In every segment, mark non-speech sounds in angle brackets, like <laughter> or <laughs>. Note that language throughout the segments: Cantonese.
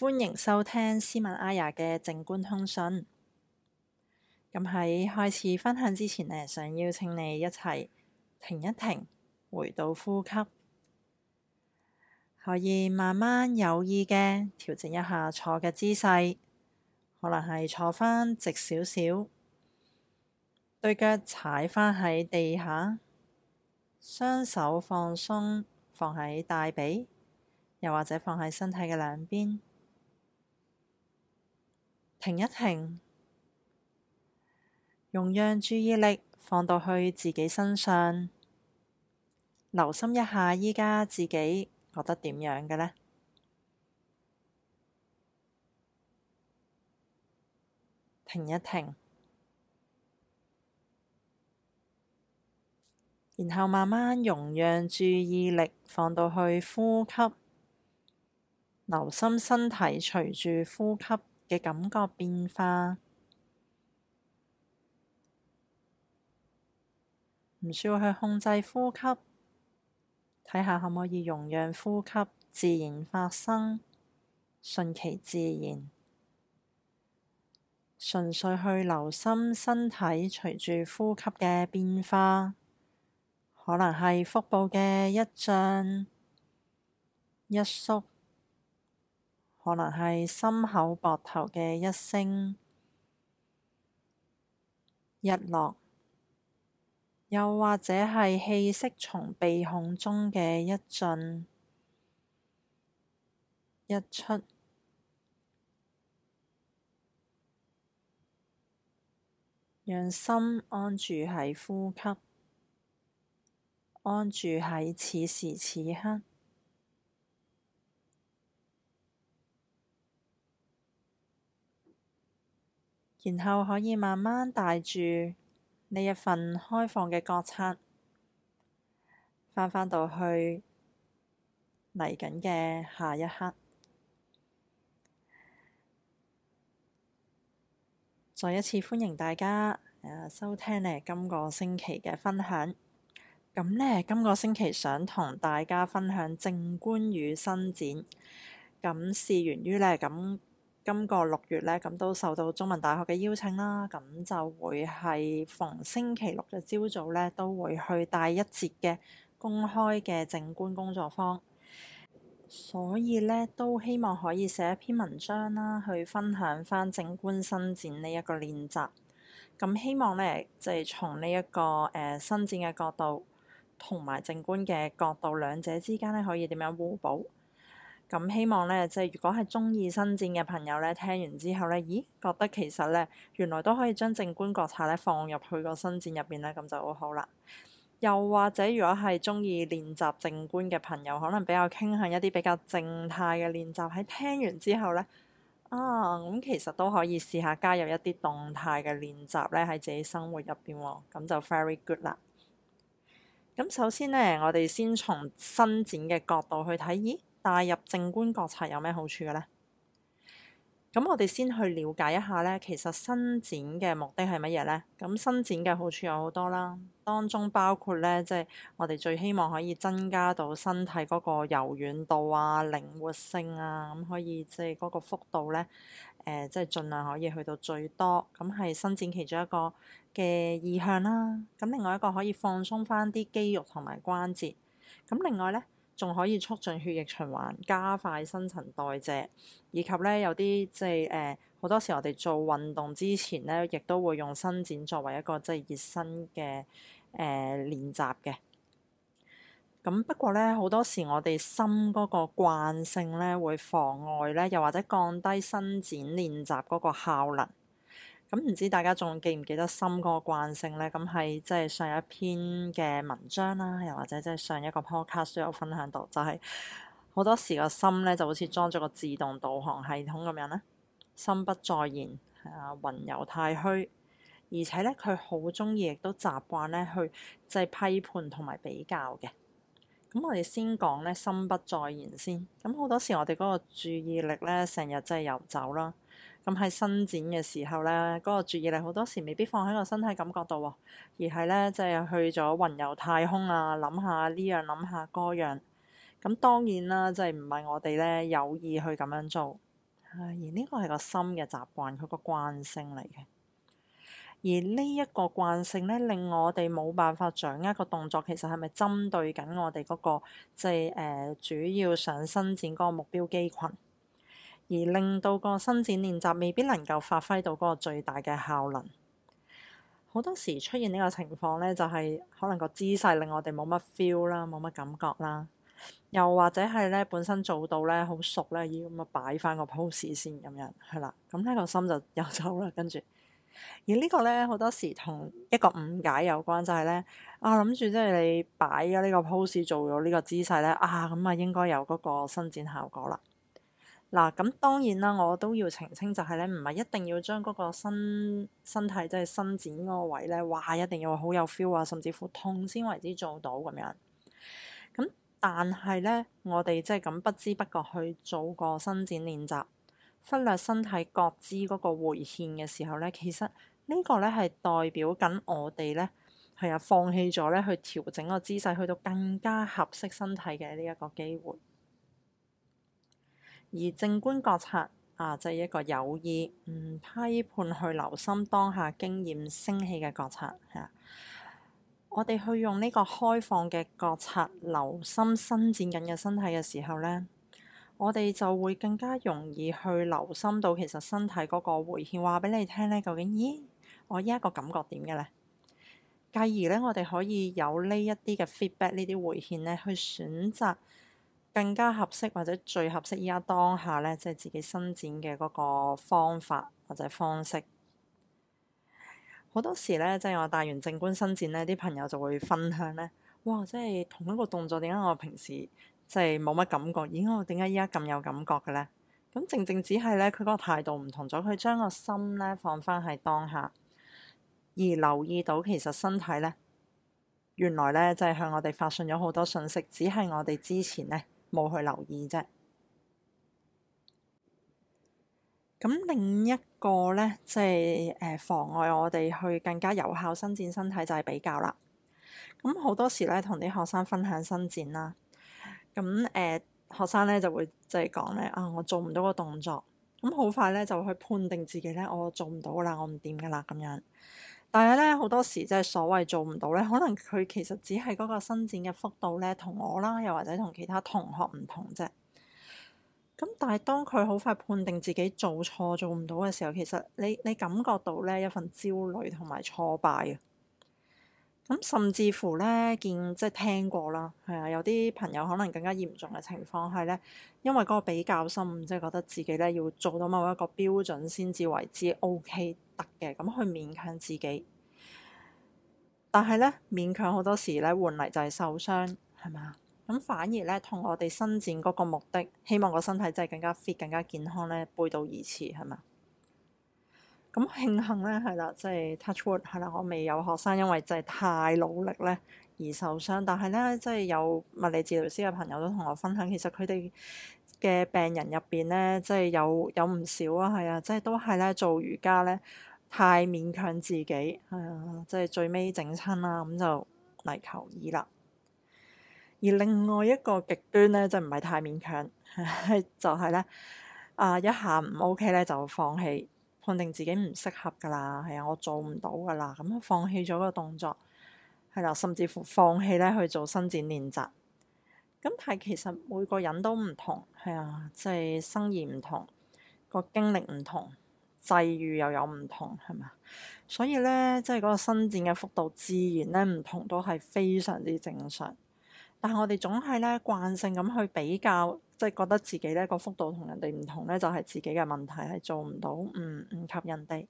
歡迎收聽斯文 Aya 嘅靜觀通訊。咁喺開始分享之前呢想邀請你一齊停一停，回到呼吸，可以慢慢有意嘅調整一下坐嘅姿勢，可能係坐返直少少，對腳踩返喺地下，雙手放鬆放喺大髀，又或者放喺身體嘅兩邊。停一停，容讓注意力放到去自己身上，留心一下依家自己覺得點樣嘅呢？停一停，然後慢慢容讓注意力放到去呼吸，留心身體隨住呼吸。嘅感覺變化，唔需要去控制呼吸，睇下可唔可以容讓呼吸自然發生，順其自然，純粹去留心身體隨住呼吸嘅變化，可能係腹部嘅一脹一縮。可能係心口膊頭嘅一升一落，又或者係氣息從鼻孔中嘅一進一出，讓心安住喺呼吸，安住喺此時此刻。然後可以慢慢帶住你一份開放嘅覺察，翻返到去嚟緊嘅下一刻。再一次歡迎大家收聽呢今個星期嘅分享。咁呢，今個星期想同大家分享靜觀與伸展，咁是源於呢咁。今個六月呢，咁都受到中文大學嘅邀請啦，咁就會係逢星期六嘅朝早呢，都會去帶一節嘅公開嘅靜觀工作坊。所以呢，都希望可以寫一篇文章啦，去分享翻靜觀伸展呢一個練習。咁、嗯、希望呢，即係從呢一個誒、呃、伸展嘅角度，同埋靜觀嘅角度，兩者之間呢，可以點樣互補？咁希望咧，即係如果係中意伸展嘅朋友咧，聽完之後咧，咦、覺得其實咧，原來都可以將靜觀覺察咧，放入去個伸展入邊咧，咁就好好啦。又或者，如果係中意練習靜觀嘅朋友，可能比較傾向一啲比較靜態嘅練習，喺聽完之後咧，啊，咁其實都可以試下加入一啲動態嘅練習咧，喺自己生活入邊喎，咁就 very good 啦。咁首先咧，我哋先從伸展嘅角度去睇，咦？帶入靜觀覺察有咩好處嘅咧？咁我哋先去了解一下咧。其實伸展嘅目的係乜嘢咧？咁伸展嘅好處有好多啦，當中包括咧，即係我哋最希望可以增加到身體嗰個柔軟度啊、靈活性啊，咁可以即係嗰個幅度咧，誒、呃，即係盡量可以去到最多。咁係伸展其中一個嘅意向啦。咁另外一個可以放鬆返啲肌肉同埋關節。咁另外咧。仲可以促進血液循環，加快新陳代謝，以及咧，有啲即係誒好多時我哋做運動之前咧，亦都會用伸展作為一個即係熱身嘅誒、呃、練習嘅。咁不過咧，好多時我哋心嗰個慣性咧會妨礙咧，又或者降低伸展練習嗰個效能。咁唔知大家仲記唔記得心嗰個慣性呢？咁係即係上一篇嘅文章啦，又或者即係上一個 podcast 都有分享到，就係、是、好多時個心呢就好似裝咗個自動導航系統咁樣咧，心不在焉，係啊，雲遊太虛，而且呢，佢好中意亦都習慣呢去即係批判同埋比較嘅。咁我哋先講呢心不在焉先。咁好多時我哋嗰個注意力呢，成日即係遊走啦。咁喺伸展嘅時候咧，嗰個注意力好多時未必放喺個身體感覺度喎，而係咧即係去咗雲遊太空啊，諗下呢樣，諗下嗰樣。咁當然啦，即係唔係我哋咧有意去咁樣做，而呢個係個心嘅習慣，佢個慣性嚟嘅。而呢一個慣性咧，令我哋冇辦法掌握一個動作其實係咪針對緊我哋嗰個即係誒主要想伸展嗰個目標肌群。而令到個伸展練習未必能夠發揮到嗰個最大嘅效能，好多時出現呢個情況咧，就係可能個姿勢令我哋冇乜 feel 啦，冇乜感覺啦，又或者係咧本身做到咧好熟咧，要咁啊擺翻個 pose 先咁樣係啦，咁呢個心就又走啦，跟住而呢個咧好多時同一個誤解有關，就係咧我諗住即係你擺咗呢個 pose 做咗呢個姿勢咧啊咁啊應該有嗰個伸展效果啦。嗱，咁當然啦，我都要澄清就係咧，唔係一定要將嗰個身，身體即係伸展嗰個位咧，哇一定要好有 feel 啊，甚至乎痛先為之做到咁樣。咁但係咧，我哋即係咁不知不覺去做個伸展練習，忽略身體各肢嗰個回饋嘅時候咧，其實呢個咧係代表緊我哋咧係啊放棄咗咧去調整個姿勢，去到更加合適身體嘅呢一個機會。而靜觀覺察啊，就係一個有意唔批判去留心當下經驗升起嘅覺察嚇。我哋去用呢個開放嘅覺察留心伸展緊嘅身體嘅時候咧，我哋就會更加容易去留心到其實身體嗰個回應話俾你聽咧，究竟咦我依家個感覺點嘅咧？繼而咧，我哋可以有呢一啲嘅 feedback，呢啲回應咧，去選擇。更加合適或者最合適依家當下咧，即係自己伸展嘅嗰個方法或者方式。好多時咧，即係我帶完靜觀伸展咧，啲朋友就會分享咧，哇！即係同一個動作，點解我平時即係冇乜感覺，咦，我點解依家咁有感覺嘅咧？咁正正只係咧，佢嗰個態度唔同咗，佢將個心咧放翻喺當下，而留意到其實身體咧，原來咧就係向我哋發信咗好多信息。只係我哋之前咧。冇去留意啫。咁另一個呢，即係誒妨礙我哋去更加有效伸展身體就係比較啦。咁好多時呢，同啲學生分享伸展啦。咁誒、呃、學生呢，就會即係講呢：「啊，我做唔到個動作」，咁好快呢，就去判定自己呢：「我做唔到啦，我唔掂噶啦」，咁樣。但係咧，好多時即係所謂做唔到咧，可能佢其實只係嗰個伸展嘅幅度咧，同我啦，又或者同其他同學唔同啫。咁但係當佢好快判定自己做錯做唔到嘅時候，其實你你感覺到咧一份焦慮同埋挫敗啊。咁甚至乎咧，見即係聽過啦，係啊，有啲朋友可能更加嚴重嘅情況係咧，因為嗰個比較心，即係覺得自己咧要做到某一個標準先至為之 OK。嘅咁，去勉強自己，但係咧勉強好多時咧，換嚟就係受傷，係咪啊？咁反而咧，同我哋伸展嗰個目的，希望個身體真係更加 fit、更加健康咧，背道而馳係咪啊？咁慶幸咧，係啦，即係 touch wood 係啦，我未有學生因為真係太努力咧而受傷，但係咧即係有物理治療師嘅朋友都同我分享，其實佢哋嘅病人入邊咧，即係有有唔少啊，係啊，即係都係咧做瑜伽咧。太勉強自己係啊、呃，即係最尾整親啦，咁就嚟求醫啦。而另外一個極端咧，就唔係太勉強， <laughs> 就係咧啊一下唔 OK 咧就放棄，判定自己唔適合噶啦，係啊，我做唔到噶啦，咁放棄咗個動作係啦、啊，甚至乎放棄咧去做伸展練習。咁但係其實每個人都唔同係啊，即係生意唔同，個經歷唔同。際遇又有唔同，係嘛？所以咧，即係嗰個伸展嘅幅度自然咧唔同，都係非常之正常。但係我哋總係咧慣性咁去比較，即係覺得自己咧個幅度同人哋唔同咧，就係自己嘅問題，係做唔到，唔唔及人哋。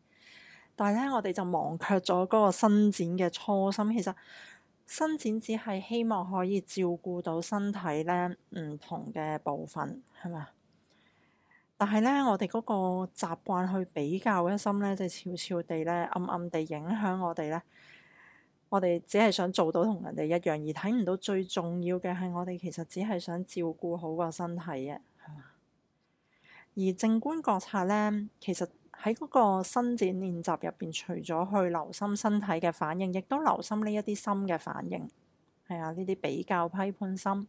但係咧，我哋就忘卻咗嗰個伸展嘅初心。其實伸展只係希望可以照顧到身體咧唔同嘅部分，係嘛？但係咧，我哋嗰個習慣去比較嘅心咧，就悄悄地咧、暗暗地影響我哋咧。我哋只係想做到同人哋一樣，而睇唔到最重要嘅係我哋其實只係想照顧好個身體嘅，係嘛？而靜觀覺察咧，其實喺嗰個伸展練習入邊，除咗去留心身體嘅反應，亦都留心呢一啲心嘅反應。係啊，呢啲比較批判心。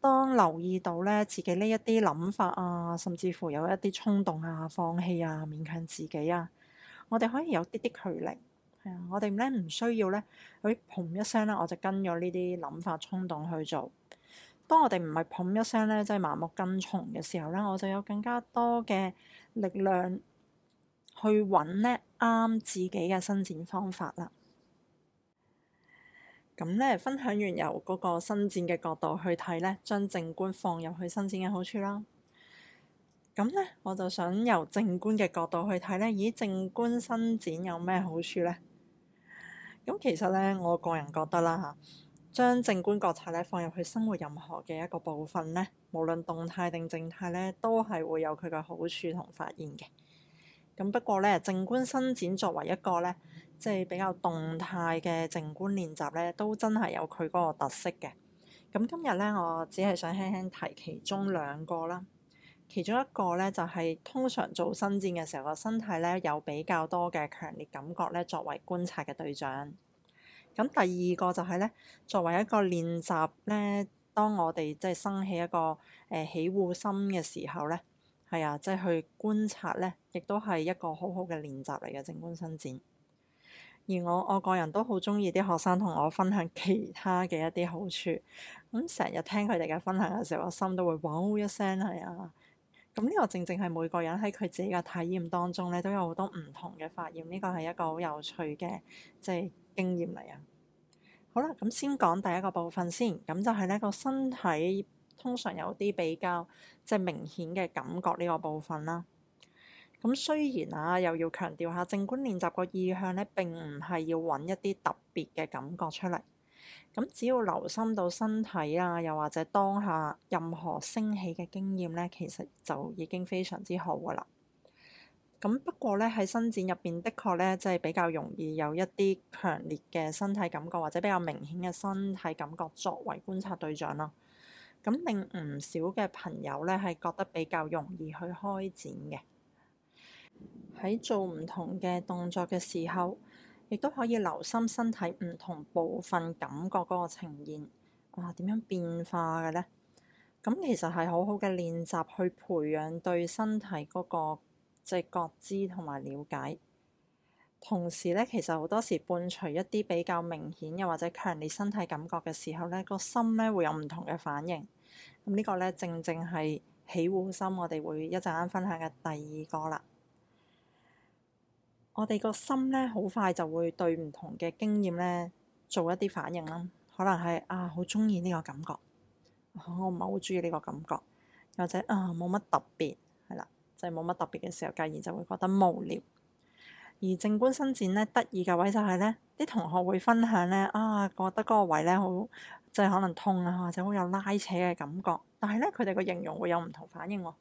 當留意到咧自己呢一啲諗法啊，甚至乎有一啲衝動啊、放棄啊、勉強自己啊，我哋可以有啲啲距離，係啊，我哋咧唔需要咧，佢嘭一聲咧我就跟咗呢啲諗法、衝動去做。當我哋唔係嘭一聲咧，即係盲目跟從嘅時候咧，我就有更加多嘅力量去揾咧啱自己嘅伸展方法啦。咁咧，分享完由嗰個伸展嘅角度去睇咧，將靜觀放入去伸展嘅好處啦。咁咧，我就想由靜觀嘅角度去睇咧，咦？靜觀伸展有咩好處咧？咁其實咧，我個人覺得啦嚇，將靜觀覺察咧放入去生活任何嘅一個部分咧，無論動態定靜態咧，都係會有佢嘅好處同發現嘅。咁不過咧，靜觀伸展作為一個咧，即係比較動態嘅靜觀練習咧，都真係有佢嗰個特色嘅。咁今日咧，我只係想輕輕提其中兩個啦。其中一個咧，就係通常做伸展嘅時候，個身體咧有比較多嘅強烈感覺咧，作為觀察嘅對象。咁第二個就係咧，作為一個練習咧，當我哋即係生起一個誒起護心嘅時候咧。係啊，即係去觀察咧，亦都係一個好好嘅練習嚟嘅靜觀伸展。而我我個人都好中意啲學生同我分享其他嘅一啲好處。咁成日聽佢哋嘅分享嘅時候，我心都會哇喎一聲係啊。咁、嗯、呢、這個正正係每個人喺佢自己嘅體驗當中咧，都有好多唔同嘅發現。呢、這個係一個好有趣嘅即係經驗嚟啊。好啦，咁先講第一個部分先，咁就係呢個身體。通常有啲比較即係明顯嘅感覺呢個部分啦。咁雖然啊，又要強調下靜觀練習個意向呢並唔係要揾一啲特別嘅感覺出嚟。咁只要留心到身體啊，又或者當下任何升起嘅經驗呢，其實就已經非常之好噶啦。咁不過呢，喺伸展入邊，的確呢，即係比較容易有一啲強烈嘅身體感覺，或者比較明顯嘅身體感覺作為觀察對象啦。咁令唔少嘅朋友咧，係覺得比較容易去開展嘅。喺做唔同嘅動作嘅時候，亦都可以留心身體唔同部分感覺嗰個呈現啊，點樣變化嘅咧？咁其實係好好嘅練習，去培養對身體嗰個即係覺知同埋了解。同時咧，其實好多時伴隨一啲比較明顯又或者強烈身體感覺嘅時候咧，個心咧會有唔同嘅反應。咁呢個咧正正係起護心，我哋會一陣間分享嘅第二個啦。我哋個心咧，好快就會對唔同嘅經驗咧做一啲反應啦。可能係啊，好中意呢個感覺；啊、我唔係好中意呢個感覺，或者啊，冇乜特別係啦，就係冇乜特別嘅時候，繼而就會覺得無聊。而靜觀伸展咧，得意嘅位就係咧啲同學會分享咧啊，覺得嗰個位咧好即係、就是、可能痛啊，或者好有拉扯嘅感覺。但係咧，佢哋個形容會有唔同反應，啊。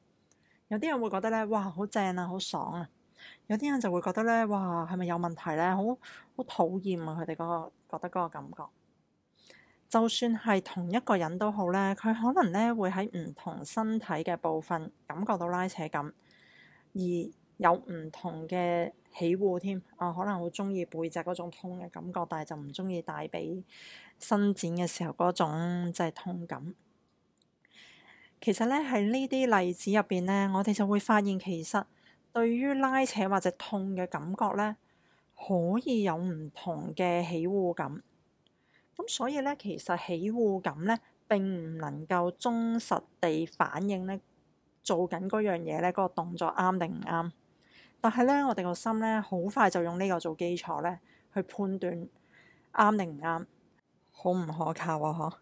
有啲人會覺得咧，哇，好正啊，好爽啊；有啲人就會覺得咧，哇，係咪有問題咧？好好討厭啊！佢哋嗰個覺得嗰個感覺，就算係同一個人都好咧，佢可能咧會喺唔同身體嘅部分感覺到拉扯感，而有唔同嘅。喜惡添啊，可能好中意背脊嗰種痛嘅感覺，但係就唔中意大髀伸展嘅時候嗰種即係、就是、痛感。其實咧，喺呢啲例子入邊咧，我哋就會發現，其實對於拉扯或者痛嘅感覺咧，可以有唔同嘅喜惡感。咁所以咧，其實喜惡感咧並唔能夠忠實地反映咧做緊嗰樣嘢咧嗰個動作啱定唔啱。但係咧，我哋個心咧，好快就用呢個做基礎咧，去判斷啱定唔啱，好唔可靠喎、啊、呵。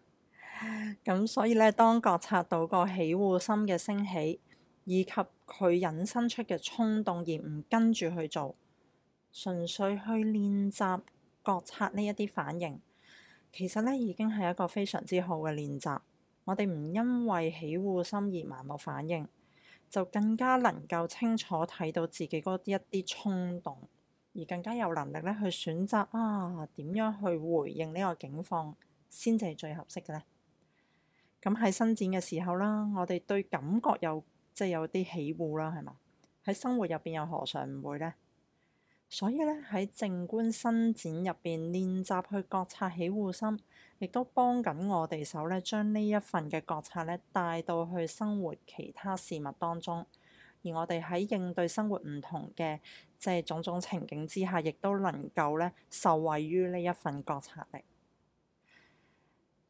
咁 <laughs> 所以咧，當覺察到個起護心嘅升起，以及佢引申出嘅衝動而唔跟住去做，純粹去練習覺察呢一啲反應，其實咧已經係一個非常之好嘅練習。我哋唔因為起護心而盲目反應。就更加能夠清楚睇到自己嗰啲一啲衝動，而更加有能力咧去選擇啊點樣去回應呢個境況先至係最合適嘅咧。咁喺伸展嘅時候啦，我哋對感覺又即係有啲、就是、起伏啦，係嘛？喺生活入邊又何嘗唔會咧？所以咧喺靜觀伸展入邊練習去覺察起護心，亦都幫緊我哋手咧，將呢一份嘅覺察咧帶到去生活其他事物當中。而我哋喺應對生活唔同嘅即係種種情景之下，亦都能夠咧受惠於呢一份覺察力。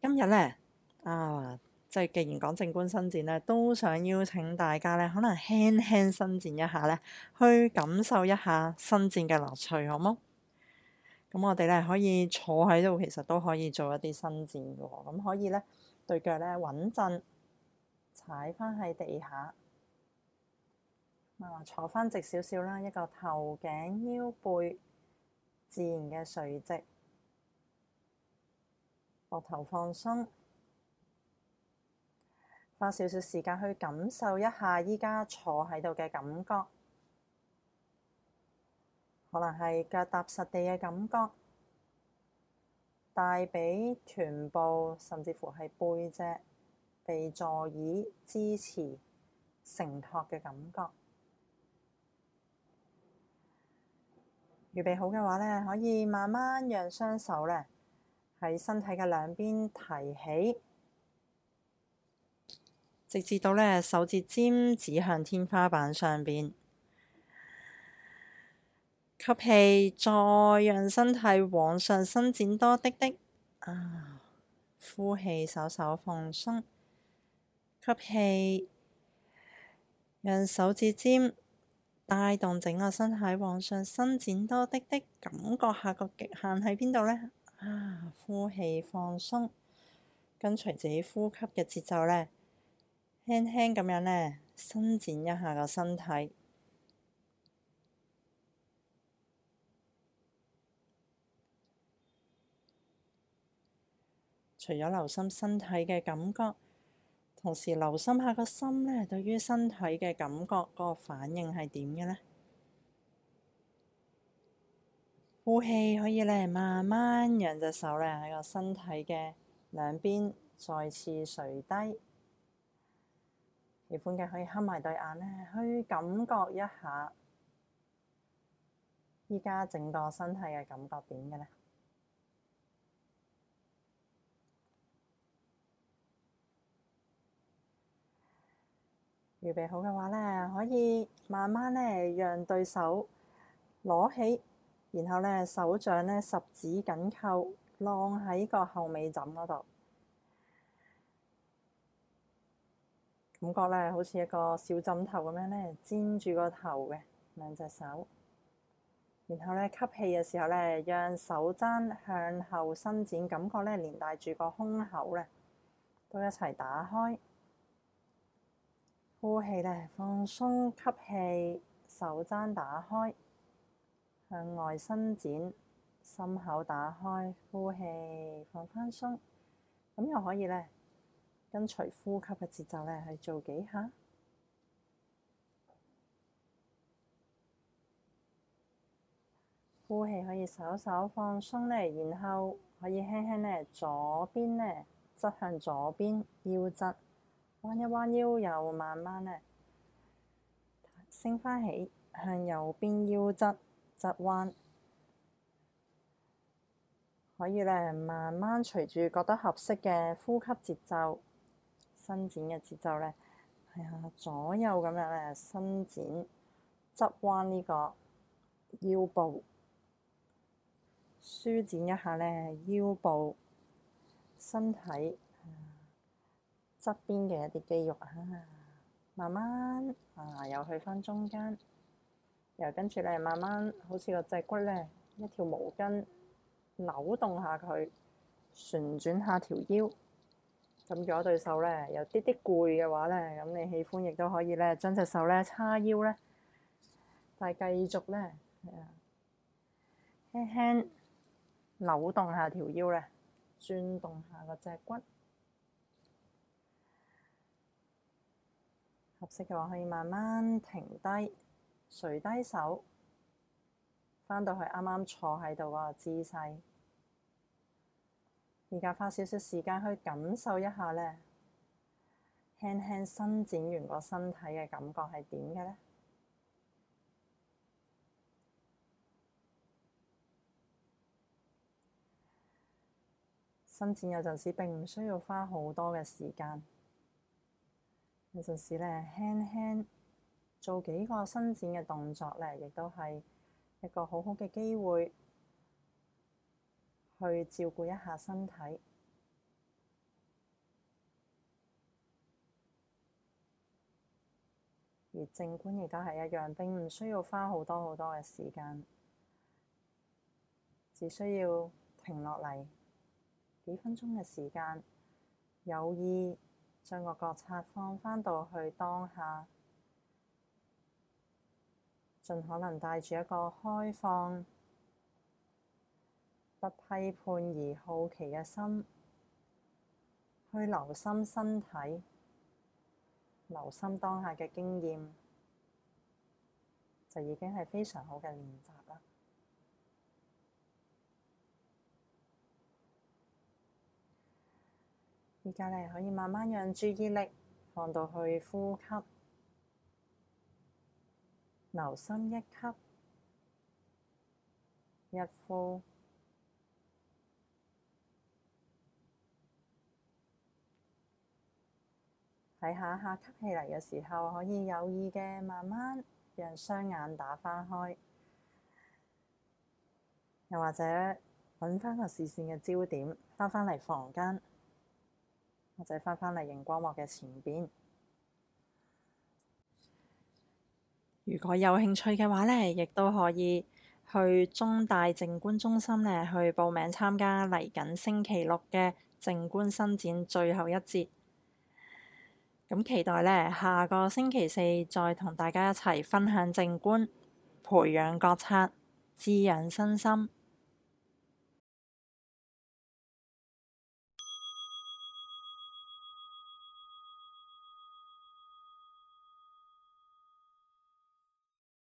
今日咧啊。就係，即既然講靜觀伸展咧，都想邀請大家咧，可能輕輕伸展一下咧，去感受一下伸展嘅樂趣，好冇？咁我哋咧可以坐喺度，其實都可以做一啲伸展嘅喎、哦。咁可以咧，對腳咧穩陣，踩翻喺地下。啊，坐翻直少少啦，一個頭頸腰背自然嘅垂直，膊頭放鬆。花少少時間去感受一下依家坐喺度嘅感覺，可能係腳踏實地嘅感覺，大髀、臀部甚至乎係背脊被座椅支持承托嘅感覺。預備好嘅話呢，可以慢慢讓雙手呢喺身體嘅兩邊提起。直至到呢，手指尖指向天花板上面，吸氣，再讓身體往上伸展多啲啲。啊，呼氣，稍稍放鬆，吸氣，讓手指尖帶動整個身體往上伸展多啲啲。感覺下個極限喺邊度呢？啊，呼氣放鬆，跟隨自己呼吸嘅節奏呢。輕輕咁樣呢，伸展一下個身體。除咗留心身體嘅感覺，同時留心下個心呢對於身體嘅感覺，個反應係點嘅呢？呼氣可以呢，慢慢讓隻手呢喺個身體嘅兩邊再次垂低。喜歡嘅可以合埋對眼呢，去感覺一下依家整個身體嘅感覺點嘅呢？預備好嘅話呢，可以慢慢呢讓對手攞起，然後呢手掌呢十指緊扣，晾喺個後尾枕嗰度。感覺咧，好似一個小枕頭咁樣咧，攤住個頭嘅兩隻手，然後咧吸氣嘅時候咧，讓手踭向後伸展，感覺咧連帶住個胸口咧都一齊打開。呼氣咧，放鬆，吸氣，手踭打開，向外伸展，心口打開，呼氣，放返鬆，咁又可以咧。跟隨呼吸嘅節奏呢，去做幾下呼氣，可以稍稍放鬆呢，然後可以輕輕呢左邊呢側向左邊腰側彎一彎腰，又慢慢呢升返起向右邊腰側側彎，可以呢慢慢隨住覺得合適嘅呼吸節奏。伸展嘅節奏咧，係、哎、啊，左右咁樣咧伸展，側彎呢、呢個腰部，舒展一下咧腰部，身體側邊嘅一啲肌肉啊，慢慢啊又去返中間，又跟住咧慢慢好似個脊骨咧一條毛巾扭動下佢，旋轉下條腰。咁如果對手咧有啲啲攰嘅話咧，咁你喜歡亦都可以咧將隻手咧叉腰咧，但係繼續咧係啊輕輕扭動下條腰咧，轉動下個脊骨。合適嘅話，可以慢慢停低，垂低手，返到去啱啱坐喺度嗰個姿勢。而家花少少時間去感受一下呢，輕輕伸展完個身體嘅感覺係點嘅呢？伸展有陣時並唔需要花好多嘅時間，有陣時呢，輕輕做幾個伸展嘅動作呢，亦都係一個好好嘅機會。去照顧一下身體，而靜觀而家係一樣，並唔需要花好多好多嘅時間，只需要停落嚟幾分鐘嘅時間，有意將個覺察放返到去當下，盡可能帶住一個開放，不批判而好奇嘅心，去留心身體，留心當下嘅經驗，就已經係非常好嘅練習啦。而家你可以慢慢讓注意力放到去呼吸，留心一吸一呼。睇下下吸氣嚟嘅時候，可以有意嘅慢慢讓雙眼打翻開，又或者揾翻個視線嘅焦點，翻返嚟房間，或者翻返嚟熒光幕嘅前邊。如果有興趣嘅話呢亦都可以去中大靜觀中心呢去報名參加嚟緊星期六嘅靜觀伸展最後一節。咁期待咧，下個星期四再同大家一齊分享靜觀，培養覺察，滋養身心。